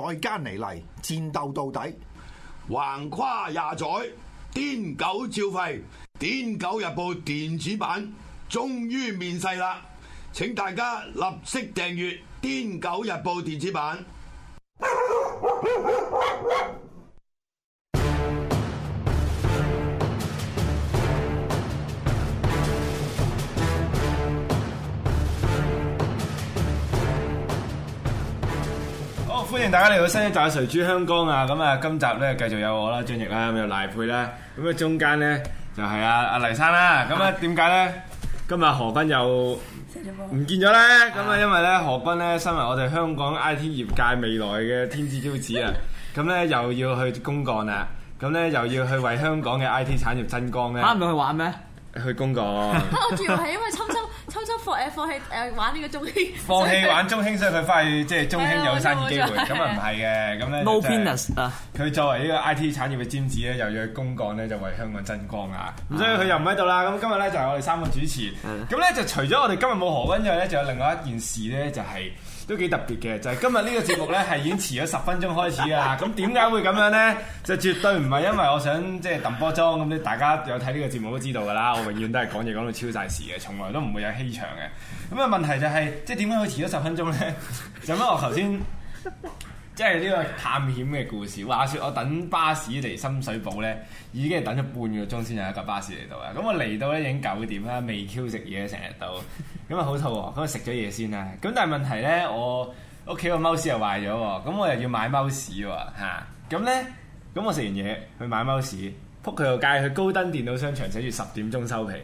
再加嚟嚟，戰鬥到底，橫跨廿載，癲狗照吠，癲狗日報電子版終於面世啦！請大家立即訂閱癲狗日報電子版。 歡迎大家嚟到新一集《誰主香江》啊！咁啊，今集咧繼續有我啦，張翼啦，咁又賴珮啦，咁啊中間咧就係啊，阿黎生啦。咁啊，點解咧？今日何君又唔見咗咧？咁啊，因為咧何君咧身為我哋香港 IT 業界未來嘅天之驕子啊，咁咧 又要去公幹啊。咁咧又要去為香港嘅 IT 產業增光咧。嚇，唔係去玩咩？去公幹。我以為係因為放放棄誒玩呢個中興，放棄玩中興，所以佢翻去即係中興有生意機會，咁啊唔係嘅，咁咧。No penis 啊！佢作為呢個 I T 產業嘅尖子咧，又要公幹咧，就為香港增光啊！咁所以佢又唔喺度啦。咁、嗯、今日咧就係我哋三個主持。咁咧、嗯、就除咗我哋今日冇何溫之外咧，仲有另外一件事咧，就係、是。都幾特別嘅，就係今日呢個節目呢，係已經遲咗十分鐘開始㗎喇。咁點解會咁樣呢？就絕對唔係因為我想即係揼波鐘咁，你大家有睇呢個節目都知道噶啦。我永遠都係講嘢講到超晒時嘅，從來都唔會有欺場嘅。咁嘅問題就係，即係點解會遲咗十分鐘呢？ 就乜我頭先？即係呢個探險嘅故事。話説我等巴士嚟深水埗咧，已經等咗半個鐘先有一架巴士嚟到啦。咁我嚟到咧已經九點啦，未 Q 食嘢成日都。咁啊好肚餓，咁啊食咗嘢先啦。咁但係問題咧，我屋企個貓屎又壞咗，咁我又要買貓屎喎嚇。咁、啊、咧，咁我食完嘢去買貓屎，仆佢個街，去高登電腦商場寫，寫住十點鐘收皮。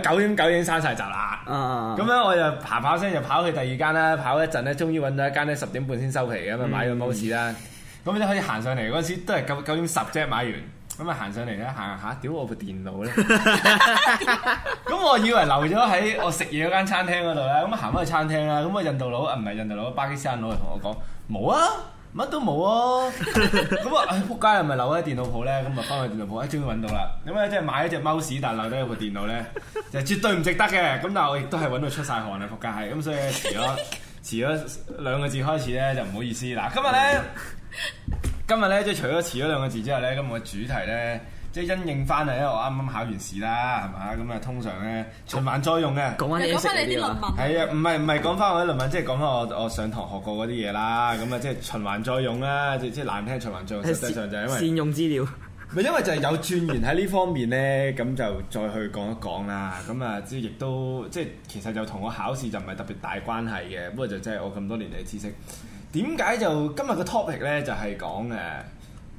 九點九已經閂晒閘啦，咁咧、啊、我就爬爬聲就跑去第二間啦，跑一陣咧，終於揾到一間咧，十點半先收皮，咁啊買咗 mouse 啦，咁你、嗯嗯、可以行上嚟嗰陣時都係九九點十隻買完，咁啊行上嚟咧行下屌我部電腦咧，咁我以為留咗喺我食嘢嗰間餐廳嗰度咧，咁啊行翻去餐廳啦，咁啊印度佬啊唔係印度佬，巴基斯坦佬嚟同我講冇啊。乜都冇啊！咁啊，仆街又咪留喺電腦鋪咧？咁啊，翻去電腦鋪一終於揾到啦！點解即係買一隻貓屎，但留低一部電腦咧？就絕對唔值得嘅。咁但係我亦都係揾到出晒汗啊！仆街係咁，所以遲咗遲咗兩個字開始咧，就唔好意思啦。今日咧， 今日咧即係除咗遲咗兩個字之後咧，今日嘅主題咧。即係因應翻嚟，因為我啱啱考完試啦，係嘛？咁啊，通常咧循環再用嘅，講翻你啲論文？係啊，唔係唔係講翻我啲論文，即係講翻我、就是、我，我上堂學過嗰啲嘢啦。咁啊，即係循環再用啦，即即係難聽，循環再用。實際上就因為善用資料。咪因為就係有轉型喺呢方面咧，咁 就再去講一講啦。咁啊，即係亦都即係其實就同我考試就唔係特別大關係嘅。不過就即係我咁多年嚟知識，點解就今日個 topic 咧就係講誒。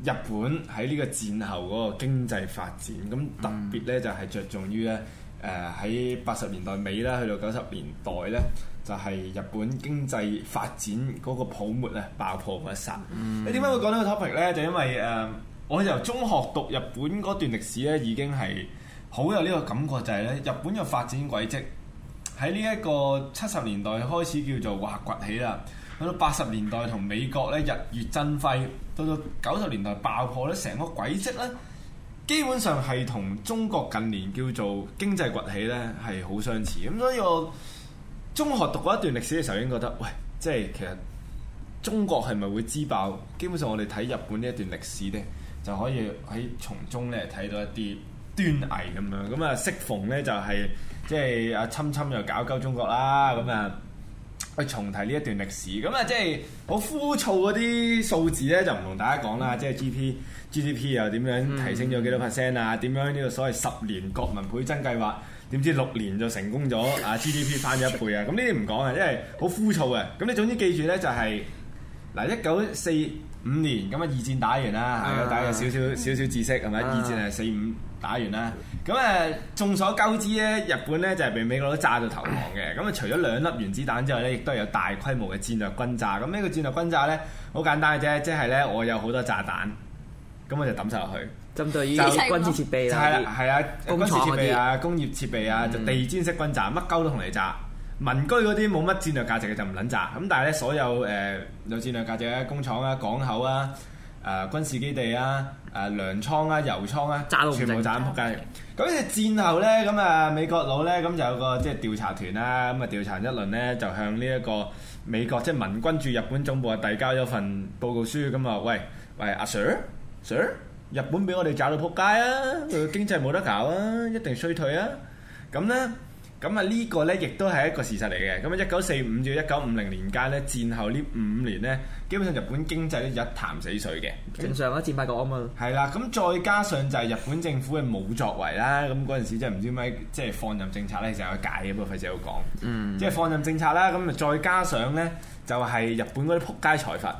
日本喺呢個戰後嗰個經濟發展，咁特別呢就係着重於呢。誒喺八十年代尾啦，去到九十年代呢，就係、是、日本經濟發展嗰個泡沫咧爆破嗰一剎。嗯、你點解會講到個 topic 呢？就因為誒、呃，我由中學讀日本嗰段歷史呢，已經係好有呢個感覺，就係、是、呢日本嘅發展軌跡喺呢一個七十年代開始叫做崛起啦。去到八十年代同美國咧日月爭輝，到到九十年代爆破咧，成個軌跡咧，基本上係同中國近年叫做經濟崛起咧係好相似。咁所以我中學讀過一段歷史嘅時候已經覺得，喂，即係其實中國係咪會自爆？基本上我哋睇日本呢一段歷史咧，就可以喺從中咧睇到一啲端倪咁樣。咁啊、就是，適逢咧就係即係阿侵侵又搞鳩中國啦，咁啊～去重提呢一段歷史，咁啊即係好枯燥嗰啲數字咧，就唔同大家講啦，嗯、即係 GDP、GDP 又點樣提升咗幾多 percent、嗯、啊？點樣呢個所謂十年國民倍增計劃？點知六年就成功咗啊 GDP 翻咗一倍啊！咁呢啲唔講啊，因為好枯燥啊。咁你總之記住咧、就係，就係嗱一九四五年咁啊，二戰打完啦，係啊，哎、大家有少少少少知識係咪、啊、二戰係四五。打完啦，咁誒，眾所周知咧，日本咧就係被美國佬炸到投降嘅。咁啊，除咗兩粒原子彈之外咧，亦都有大規模嘅戰略轟炸。咁呢個戰略轟炸咧，好簡單嘅啫，即係咧，我有好多炸彈，咁我就抌晒落去，針對就軍事設備啦，係啊、就是，軍事設備啊，工業設備啊，就地毯式轟炸，乜鳩、嗯、都同你炸，民居嗰啲冇乜戰略價值嘅就唔撚炸。咁但係咧，所有誒、呃、有戰略價值嘅工廠啊，港口啊。誒、呃、軍事基地啊，誒、呃、糧倉啊，油倉啊，炸到全部炸到撲街。咁啊戰後咧，咁啊美國佬咧，咁就有個即係調查團啦、啊，咁啊調查一輪咧，就向呢一個美國即係、就是、民軍駐日本總部啊，遞交咗份報告書，咁啊喂喂，阿、啊、Sir Sir，日本俾我哋炸到撲街啊，佢經濟冇得搞啊，一定衰退啊，咁咧。咁啊呢個呢，亦都係一個事實嚟嘅。咁啊，一九四五至一九五零年間呢，戰後呢五年呢，基本上日本經濟咧一潭死水嘅。正常啦，戰敗國啊嘛。係啦，咁再加上就係日本政府嘅冇作為啦。咁嗰陣時真係唔知點解，即係放任政策呢，成日有解嘅，不過費事喺度講。嗯。即係放任政策啦，咁啊再加上呢，就係日本嗰啲仆街財閥。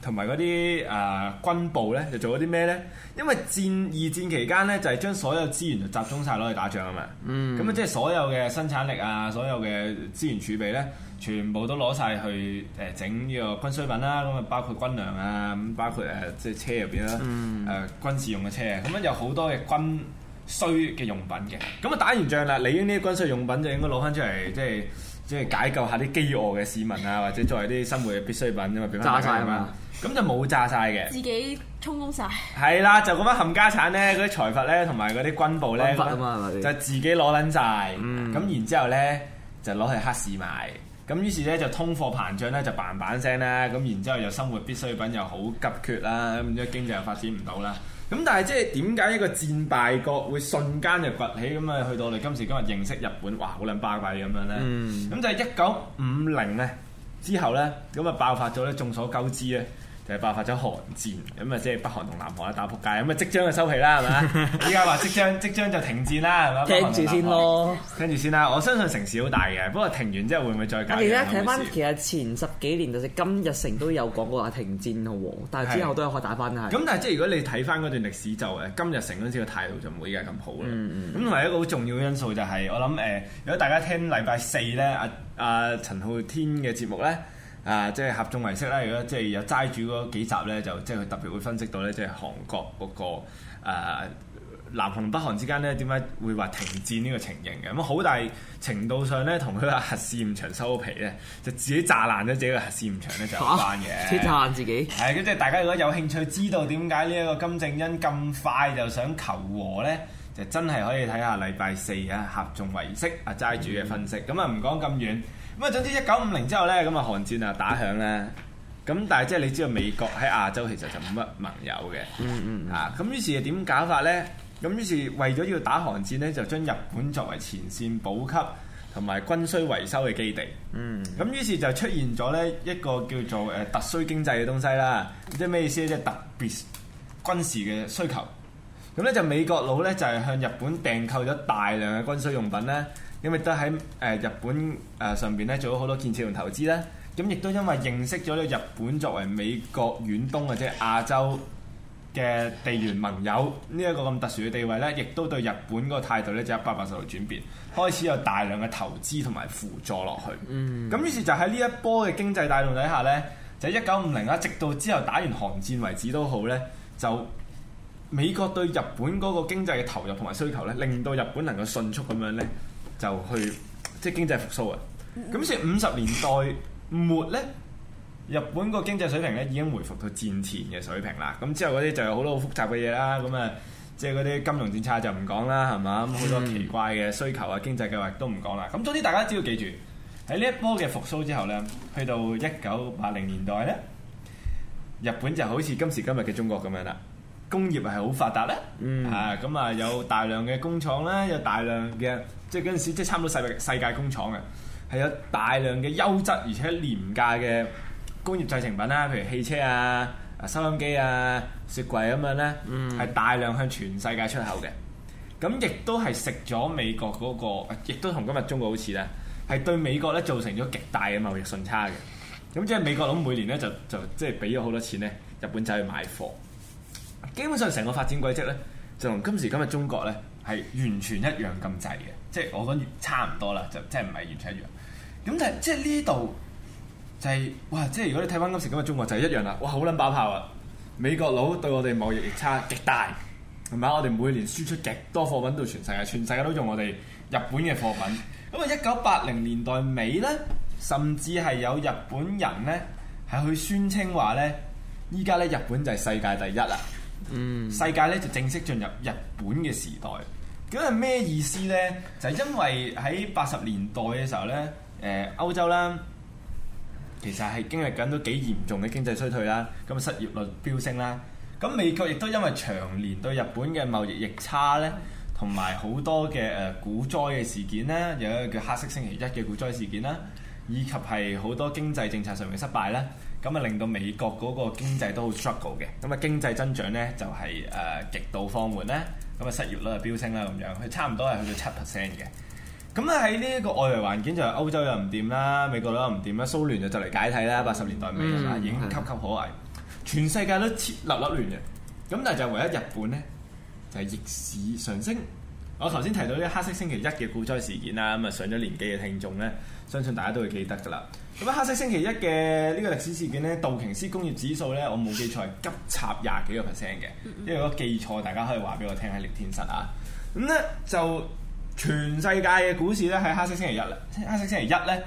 同埋嗰啲誒軍部咧，就做咗啲咩咧？因為戰二戰期間咧，就係將所有資源就集中晒攞去打仗啊嘛。嗯。咁啊，即係所有嘅生產力啊，所有嘅資源儲備咧，全部都攞晒去誒整呢個軍需品啦。咁啊，包括軍糧啊，咁包括誒即係車入邊啦。嗯。誒軍事用嘅車咁樣，有好多嘅軍需嘅用品嘅。咁啊，打完仗啦，你呢啲軍需用品就應該攞翻出嚟，即係即係解救下啲飢餓嘅市民啊，或者作為啲生活嘅必需品啊嘛。畀翻晒係嘛？嗯咁就冇炸晒嘅，自己充公曬，係啦，就咁樣冚家產咧，嗰啲財閥咧，同埋嗰啲軍部咧，來就自己攞撚晒。咁、嗯、然之後咧就攞去黑市賣，咁於是咧就通貨膨脹咧就嘭嘭聲啦，咁然之後又生活必需品又好急缺啦，咁而家經濟又發展唔到啦，咁但係即係點解呢個戰敗國會瞬間就崛起咁啊？去到我哋今時今日認識日本，哇，好撚巴閉咁樣咧，咁、嗯、就一九五零咧之後咧，咁啊爆發咗咧，眾所周知咧。就爆發咗韓戰，咁啊即係北韓同南韓咧打撲街，咁啊即將就收起啦，係咪？依家話即將即將就停戰啦，係咪？聽住先咯，聽住先啦。我相信城市好大嘅，不過停完之後會唔會再搞？我記得睇翻其實前十幾年就係金日成都有講過話停戰咯，但係之後都有個打翻啦。咁但係即係如果你睇翻嗰段歷史就誒，金日成嗰陣時嘅態度就唔會依家咁好啦。咁唯一一個好重要因素就係，我諗誒，如果大家聽禮拜四咧阿啊陳浩天嘅節目咧。啊、呃，即係合眾為式啦！如果即係有齋主嗰幾集咧，就即係佢特別會分析到咧，即係韓國嗰、那個、呃、南韓同北韓之間咧，點解會話停戰呢個情形嘅？咁、嗯、好大程度上咧，同佢核試驗場收皮咧，就自己炸爛咗自己個核試驗場咧，就關嘅。嚇、啊！自炸爛自己。係，咁即係大家如果有興趣知道點解呢一個金正恩咁快就想求和咧，就真係可以睇下禮拜四啊，合眾為式，啊，齋主嘅分析。咁啊、嗯，唔講咁遠。咁啊，總之一九五零之後咧，咁啊，韓戰啊打響咧，咁但係即係你知道美國喺亞洲其實就冇乜盟友嘅、嗯，嗯嗯，嚇，咁於是點搞法咧？咁於是為咗要打韓戰咧，就將日本作為前線補給同埋軍需維修嘅基地，嗯，咁於是就出現咗咧一個叫做誒特需經濟嘅東西啦，即係咩意思咧？即係特別軍事嘅需求，咁咧就美國佬咧就係向日本訂購咗大量嘅軍需用品咧。因為都喺誒日本誒上邊咧，做咗好多建設同投資咧。咁亦都因為認識咗咧日本作為美國遠東或者係亞洲嘅地緣盟友呢一個咁特殊嘅地位咧，亦都對日本個態度咧就一百八十度轉變，開始有大量嘅投資同埋輔助落去。咁、嗯、於是就喺呢一波嘅經濟帶動底下咧，就一九五零啦，直到之後打完韓戰為止都好咧，就美國對日本嗰個經濟嘅投入同埋需求咧，令到日本能夠迅速咁樣咧。就去即係經濟復甦啊！咁所以五十年代末呢，日本個經濟水平咧已經回復到戰前嘅水平啦。咁之後嗰啲就有好多好複雜嘅嘢啦。咁啊，即係嗰啲金融政策就唔講啦，係嘛？咁好多奇怪嘅需求啊，經濟計劃都唔講啦。咁總之大家只要記住喺呢一波嘅復甦之後呢，去到一九八零年代呢，日本就好似今時今日嘅中國咁樣啦。工業係好發達咧，嗯、啊咁啊有大量嘅工廠啦，有大量嘅即係嗰陣時即係差唔多世界世界工廠嘅，係有大量嘅優質而且廉價嘅工業製成品啦，譬如汽車啊、收音機啊、雪櫃咁樣咧，係、嗯、大量向全世界出口嘅。咁亦都係食咗美國嗰、嗰個，亦都同今日中國好似咧，係對美國咧造成咗極大嘅貿易順差嘅。咁即係美國佬每年咧就就即係俾咗好多錢咧，日本仔去買貨。基本上成個發展軌跡咧，就同今時今日中國咧係完全一樣咁滯嘅，即係我諗差唔多啦，就即係唔係完全一樣。咁但係即係呢度就係、是、哇，即係如果你睇翻今時今日中國就係一樣啦，哇，好撚爆炮啊！美國佬對我哋貿易逆差極大，係咪啊？我哋每年輸出極多貨品到全世界，全世界都用我哋日本嘅貨品。咁啊，一九八零年代尾咧，甚至係有日本人咧係去宣稱話咧，依家咧日本就係世界第一啦。嗯，世界咧就正式進入日本嘅時代。咁係咩意思呢？就係因為喺八十年代嘅時候呢，誒歐洲啦，其實係經歷緊都幾嚴重嘅經濟衰退啦，咁失業率飆升啦。咁美國亦都因為長年對日本嘅貿易逆差呢，同埋好多嘅誒股災嘅事件啦，有一個叫黑色星期一嘅股災事件啦，以及係好多經濟政策上面嘅失敗啦。咁啊令到美國嗰個經濟都好 struggle 嘅，咁啊經濟增長咧就係、是、誒、呃、極度放緩啦。咁啊失業率就飆升啦，咁樣，佢差唔多係去到七 percent 嘅。咁啊喺呢一個外圍環境就係歐洲又唔掂啦，美國佬又唔掂啦，蘇聯就就嚟解體啦，八十年代尾、嗯、已經岌岌可危，嗯、全世界都黐粒粒亂嘅。咁但係就唯一日本咧就係逆市上升。我頭先提到呢黑色星期一嘅股災事件啦，咁啊上咗年紀嘅聽眾咧，相信大家都會記得㗎啦。咁啊，黑色星期一嘅呢個歷史事件呢，道瓊斯工業指數呢，我冇記錯係急插廿幾個 percent 嘅，嗯嗯，因為如果記錯，大家可以話俾我聽喺歷天神啊。咁呢，就全世界嘅股市呢，喺黑色星期一咧，黑色星期一呢，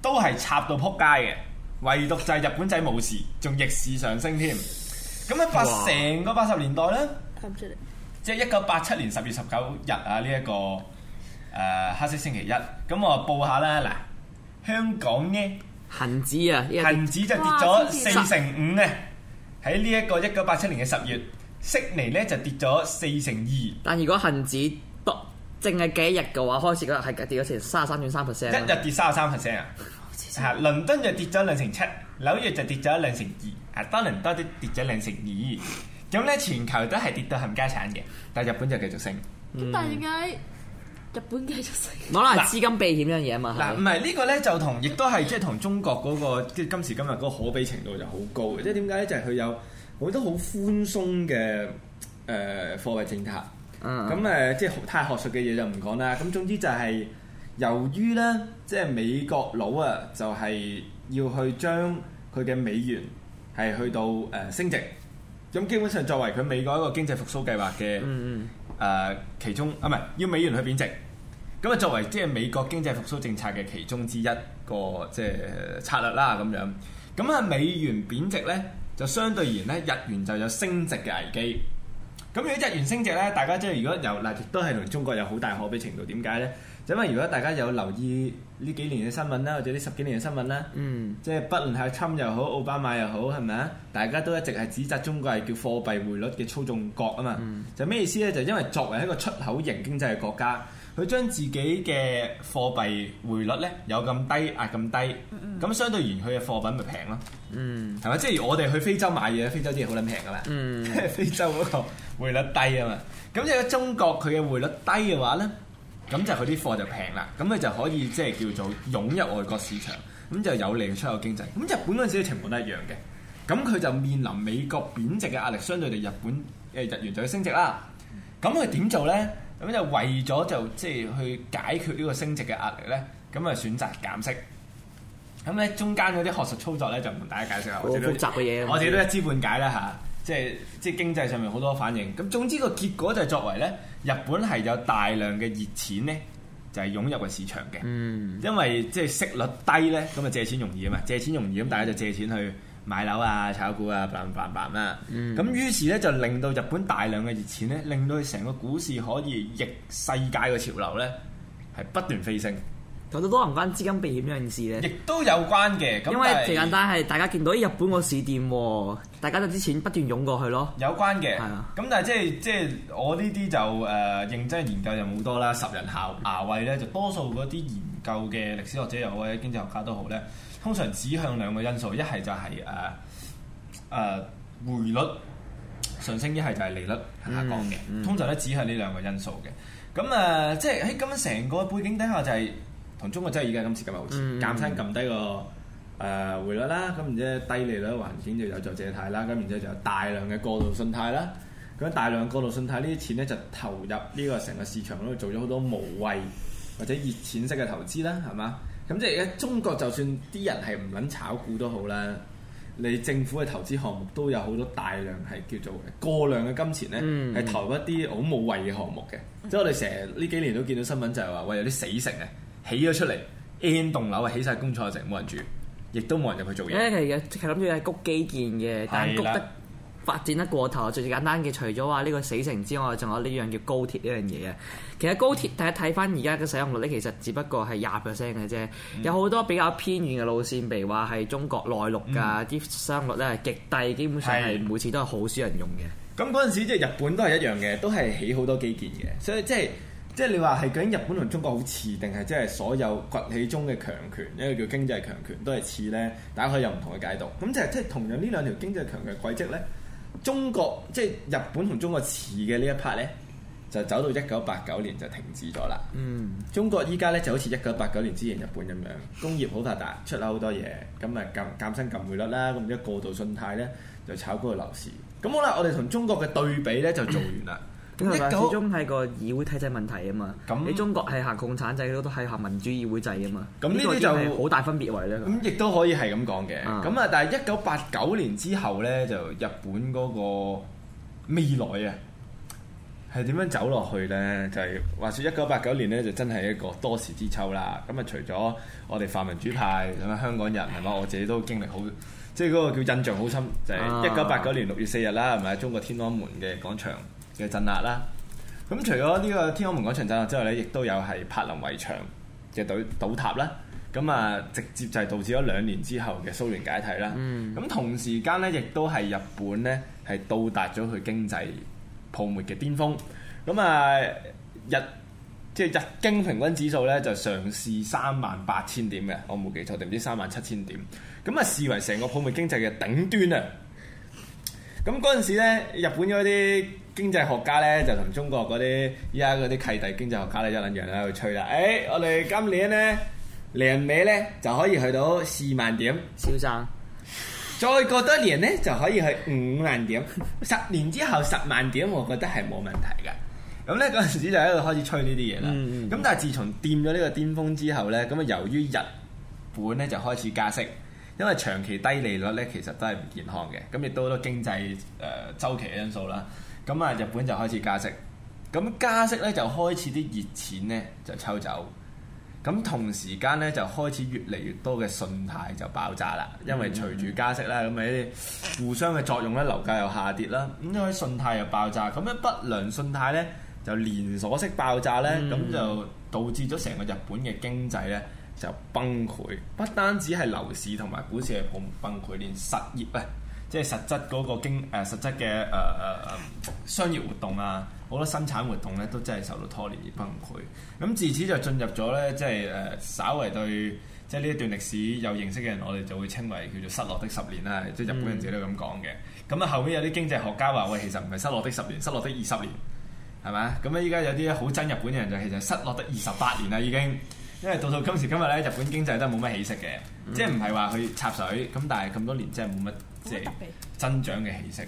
都係插到仆街嘅，唯獨就係日本仔冇事，仲逆市上升添。咁啊八成個八十年代呢，即係一九八七年十月十九日啊呢一個誒、呃、黑色星期一，咁我報下啦。嗱。香港呢，恒指啊，恒指就跌咗四成五啊！喺呢一個一九八七年嘅十月，悉尼咧就跌咗四成二。但如果恒指，多淨係幾日嘅話，開始嗰日係跌咗成三十三點三 percent，一日跌三十三 percent 啊！係，倫敦就跌咗兩成七，紐約就跌咗兩成二，啊，多倫多啲跌咗兩成二，咁咧 全球都係跌到冚家鏟嘅，但係日本就繼續升。咁但係點解？日本繼續攞嚟資金避險樣嘢啊嘛，嗱，唔係呢個咧就同，亦都係即係同中國嗰、那個即係今時今日嗰個可比程度就好高嘅，即係點解咧？就係、是、佢有好多好寬鬆嘅誒、呃、貨幣政策，咁誒即係太學術嘅嘢就唔講啦。咁總之就係由於咧，即係美國佬啊，就係要去將佢嘅美元係去到誒、呃、升值，咁基本上作為佢美國一個經濟復甦計劃嘅誒、嗯嗯呃、其中啊，唔係要美元去貶值。咁啊，作為即係美國經濟復甦政策嘅其中之一個即係、就是呃、策略啦，咁樣咁啊，美元貶值咧，就相對而言咧，日元就有升值嘅危機。咁如果日元升值咧，大家即係如果由，嗱，亦都係同中國有好大可比程度，點解咧？就因為如果大家有留意呢幾年嘅新聞啦，或者呢十幾年嘅新聞啦，嗯，即係不論係侵又好，奧巴馬又好，係咪啊？大家都一直係指責中國係叫貨幣匯率嘅操縱國啊嘛，嗯、就咩意思咧？就因為作為一個出口型經濟嘅國家。佢將自己嘅貨幣匯率咧，有咁低壓咁低，咁相對而言佢嘅貨品咪平咯，係咪、嗯？即係我哋去非洲買嘢，非洲啲嘢好撚平噶啦，嗯、 非洲嗰個匯率低啊嘛。咁如果中國佢嘅匯率低嘅話咧，咁就佢啲貨就平啦，咁佢就可以即係叫做湧入外國市場，咁就有利佢出口經濟。咁日本嗰陣時嘅情況都一樣嘅，咁佢就面臨美國貶值嘅壓力，相對地日本嘅日元就要升值啦。咁佢點做咧？咁就為咗就即係去解決呢個升值嘅壓力咧，咁啊選擇減息。咁咧中間嗰啲學術操作咧，就唔同大家解釋。我複雜嘅嘢，我哋都一知半解啦吓，即係即係經濟上面好多反應。咁總之個結果就作為咧，日本係有大量嘅熱錢咧，就係湧入個市場嘅。嗯，因為即係息率低咧，咁啊借錢容易啊嘛，借錢容易咁，大家就借錢去。買樓啊、炒股啊、辦辦辦啦，咁於是咧就令到日本大量嘅熱錢咧，令到佢成個股市可以逆世界嘅潮流咧，係不斷飛升。咁都多唔關資金避險呢件事咧？亦都有關嘅。因為最簡單係大家見到啲日本個市掂喎，大家就啲錢不斷湧過去咯。有關嘅，咁嗎但係即係即係我呢啲就誒、呃、認真研究就冇多啦，十人下下位咧就多數嗰啲。舊嘅歷史學者又好，或者經濟學家都好咧，通常指向兩個因素，一係就係誒誒匯率上升，一係就係利率下降嘅。嗯、通常咧指向呢兩個因素嘅。咁誒、嗯嗯，即係喺咁樣成個背景底下，就是，就係同中國真係而家今次嘅牛市，減薪撳低個誒匯、呃、率啦，咁然之後低利率環境就有助借貸啦，咁然之後就有大量嘅過度信貸啦。咁大量過度信貸呢啲錢咧就投入呢個成個市場嗰度做咗好多無謂。或者熱錢式嘅投資啦，係嘛？咁即係而家中國就算啲人係唔撚炒股都好啦，你政府嘅投資項目都有好多大量係叫做過量嘅金錢咧，係投一啲好冇謂嘅項目嘅。嗯、即係我哋成日呢幾年都見到新聞就係話，喂有啲死城啊，起咗出嚟 N 棟樓啊，起晒工廠城冇人住，亦都冇人入去做嘢。誒係即係諗住係谷基建嘅，但係谷得。發展得過頭最簡單嘅，除咗話呢個死城之外，仲有呢樣叫高鐵呢樣嘢啊！其實高鐵睇睇翻而家嘅使用率咧，其實只不過係廿 percent 嘅啫。嗯、有好多比較偏遠嘅路線，譬如話係中國內陸㗎啲使用率咧係極低，基本上係每次都係好少人用嘅。咁嗰陣時即係日本都係一樣嘅，都係起好多基建嘅，所以即係即係你話係究竟日本同中國好似定係即係所有崛起中嘅強權，一個叫經濟強權都係似咧，大家可以有唔同嘅解讀。咁即係即係同樣呢兩條經濟強權嘅軌跡咧。中國即係日本同中國似嘅呢一 part 呢，就走到一九八九年就停止咗啦。嗯，中國依家呢，就好似一九八九年之前日本咁樣，工業好發達，出咗好多嘢，咁咪減減薪、降匯率啦，咁一過度信貸呢，就炒高個樓市。咁好啦，我哋同中國嘅對比呢，就做完啦。嗯咁啊，始終係個議會體制問題啊嘛。你中國係行共產制，我都係行民主議會制啊嘛。咁呢啲就好大分別嚟咧。咁亦都可以係咁講嘅。咁啊，但係一九八九年之後呢，就日本嗰個未來啊，係點樣走落去呢？就係話説一九八九年呢，就真係一個多事之秋啦。咁啊，除咗我哋泛民主派咁啊，香港人係嘛，我自己都經歷好，即係嗰個叫印象好深，就係一九八九年六月四日啦，係咪中國天安門嘅廣場。嘅鎮壓啦，咁除咗呢個天安門廣場鎮壓之外咧，亦都有係柏林圍牆嘅倒倒塌啦，咁啊直接就係導致咗兩年之後嘅蘇聯解體啦。咁、嗯、同時間咧，亦都係日本咧係到達咗佢經濟泡沫嘅巔峰。咁啊日即係、就是、日經平均指數咧就上市三萬八千點嘅，我冇記錯定唔知三萬七千點，咁啊視為成個泡沫經濟嘅頂端啊！咁嗰陣時咧，日本嗰啲經濟學家咧就同中國嗰啲依家嗰啲契弟經濟學家咧一兩樣喺度吹啦。誒、哎，我哋今年咧年尾咧就可以去到四萬點，小生心，再過多一年咧就可以去五萬點，十年之後十萬點，我覺得係冇問題嘅。咁咧嗰陣時就喺度開始吹呢啲嘢啦。咁、嗯嗯嗯、但係自從掂咗呢個巔峰之後咧，咁啊由於日本咧就開始加息。因為長期低利率咧，其實都係唔健康嘅，咁亦都好多經濟誒週期因素啦。咁啊，日本就開始加息，咁加息咧就開始啲熱錢咧就抽走，咁同時間咧就開始越嚟越多嘅信貸就爆炸啦。因為隨住加息啦，咁啊啲互相嘅作用咧，樓價又下跌啦，咁因為信貸又爆炸，咁樣不良信貸咧就連鎖式爆炸咧，咁、嗯、就導致咗成個日本嘅經濟咧，就崩潰，不單止係樓市同埋股市係崩潰，連實業咧，即係實質嗰個經誒、呃、實質嘅誒誒商業活動啊，好多生產活動咧都真係受到拖累而崩潰。咁自此就進入咗咧、即係呃，即係誒稍為對即係呢一段歷史有認識嘅人，我哋就會稱為叫做失落的十年啦。嗯、即係日本人自己都咁講嘅。咁啊後面有啲經濟學家話喂，其實唔係失落的十年，失落的二十年，係咪？咁啊依家有啲好憎日本嘅人就其實失落的二十八年啦已經。因為到到今時今日咧，日本經濟都係冇乜起色嘅、嗯，即係唔係話佢插水咁，但係咁多年即係冇乜即係增長嘅起色。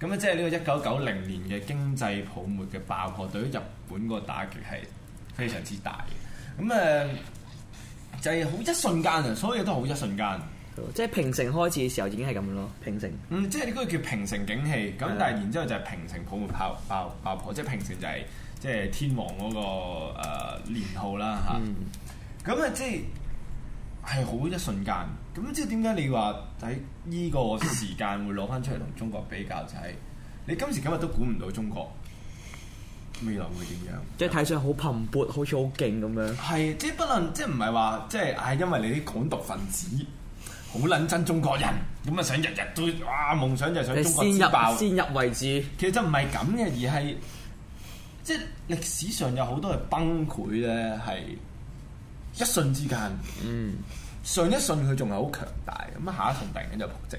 咁咧即係呢個一九九零年嘅經濟泡沫嘅爆破，對於日本個打擊係非常之大嘅。咁誒、呃、就係好一瞬間啊！所有嘢都好一瞬間，瞬間即係平成開始嘅時候已經係咁樣咯。平成、嗯、即係呢個叫平成景氣。咁對但係然之後就係平成泡沫爆爆，爆，爆破，即係平成就係即係天皇嗰個誒年號啦嚇。嗯咁啊，即係係好一瞬間。咁即係點解你話喺呢個時間會攞翻出嚟同中國比較？ 就係你今時今日都估唔到中國未來會點樣。即係睇上好蓬勃，好似好勁咁樣。係，即係不能，即係唔係話，即係係因為你啲港獨分子好撚憎中國人，咁啊想日日都啊，夢想就係想中國之爆，先入，先入為主。其實就唔係咁嘅，而係即係歷史上有好多嘅崩潰咧，係。一瞬之間，嗯，上一瞬佢仲係好強大，咁啊下一瞬突然間就破即，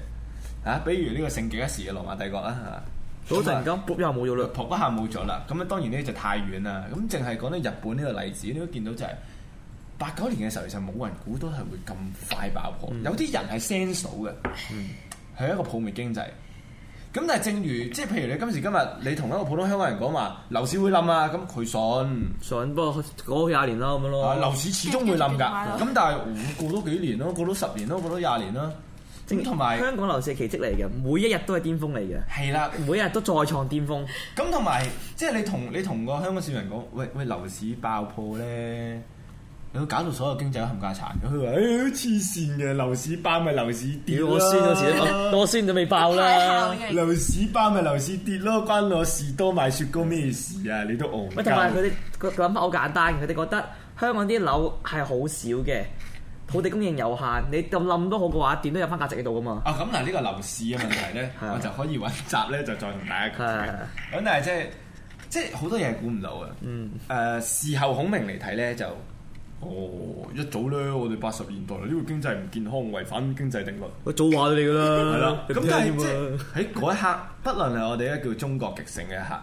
嚇、啊，比如呢個盛極一時嘅羅馬帝國啦，嚇，好突然間，卜又冇咗啦，破一下冇咗啦，咁啊當然呢就太遠啦，咁淨係講呢日本呢個例子，你都見到就係八九年嘅時候，其實冇人估到係會咁快爆破，嗯、有啲人係 sense 到嘅，係、嗯、一個泡沫經濟。咁但係正如即係，譬如你今時今日你同一個普通香港人講話樓市會冧啊，咁佢信信，不過過廿年啦咁樣咯。樓市始終會冧㗎，咁但係、呃、過多幾年咯，過多十年咯，過多廿年啦。同埋正有香港樓市係奇蹟嚟嘅，每一日都係巔峰嚟嘅的。係啦，每一日都再創巔峰。咁同埋即係你同你同個香港市民講，喂喂，樓市爆破咧！佢搞到所有經濟都冚家鏟，佢話，誒黐線嘅，樓市包咪樓市跌啦，多升咗錢，多升都未爆啦，樓市包咪樓市跌咯，關我士多賣雪糕咩事啊？你都戇鳩。喂，同埋佢哋佢諗法好簡單，佢哋覺得香港啲樓係好少嘅，土地供應有限，你咁冧都好嘅話，點都有翻價值喺度噶嘛。啊，咁嗱呢個樓市嘅問題咧， 我就可以揾集咧，就再同大家講。咁 但係即係即係好多嘢估唔到嘅。嗯。誒、呃，事後孔明嚟睇咧就。哦，一早呢，我哋八十年代呢、這個經濟唔健康，違反經濟定律。喂，早話、啊、你噶啦，係啦。咁但係即係喺嗰一刻，不論係我哋咧叫中國極盛嘅一刻，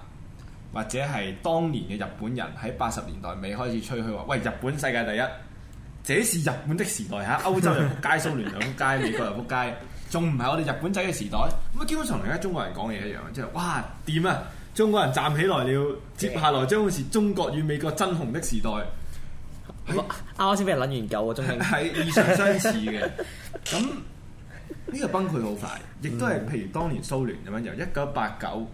或者係當年嘅日本人喺八十年代尾開始吹噓話，喂，日本世界第一，這是日本的時代嚇，歐洲又仆街，蘇聯又仆街，美國又仆街，仲唔係我哋日本仔嘅時代？咁啊，基本上而家中國人講嘢一樣，即係哇掂啊，中國人站起來了，接下來將會是中國與美國爭雄的時代。啱啱先俾人諗完九個鐘，係系， 異常相似嘅。咁呢個崩潰好快，亦都係譬如當年蘇聯咁樣，由一九八九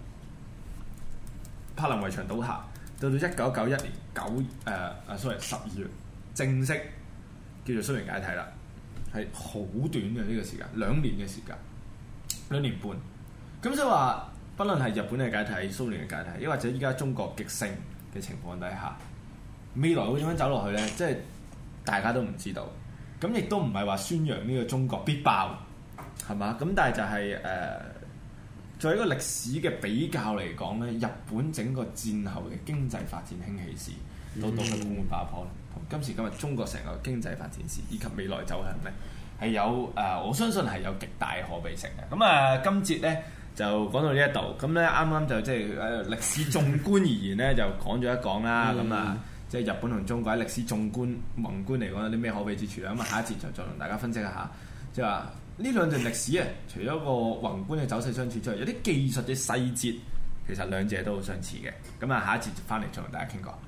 柏林圍牆倒下，到到一九九一年九誒誒，sorry 十二月正式叫做蘇聯解體啦，係好短嘅呢個時間，兩年嘅時間，兩年半。咁即係話，不論係日本嘅解體、蘇聯嘅解體，抑或者依家中國極盛嘅情況底下。未來會點樣走落去呢？即係大家都唔知道，咁亦都唔係話宣揚呢個中國必爆，係嘛？咁但係就係、是呃、作為一個歷史嘅比較嚟講呢，日本整個戰後嘅經濟發展興起史都都係滿滿爆破啦。嗯、今時今日中國成個經濟發展史以及未來走向呢，係有誒、呃，我相信係有極大可比性嘅。咁啊、呃，今節呢，就講到呢一度，咁呢，啱啱就即係誒歷史縱觀而言呢， 就講咗一講啦，咁啊、嗯、～、嗯即係日本同中國喺歷史縱觀宏觀嚟講有啲咩可比之處啊？咁啊下一節就再同大家分析一下，即係話呢兩段歷史啊，除咗個宏觀嘅走勢相似之外，有啲技術嘅細節其實兩者都好相似嘅。咁啊下一節翻嚟再同大家傾過。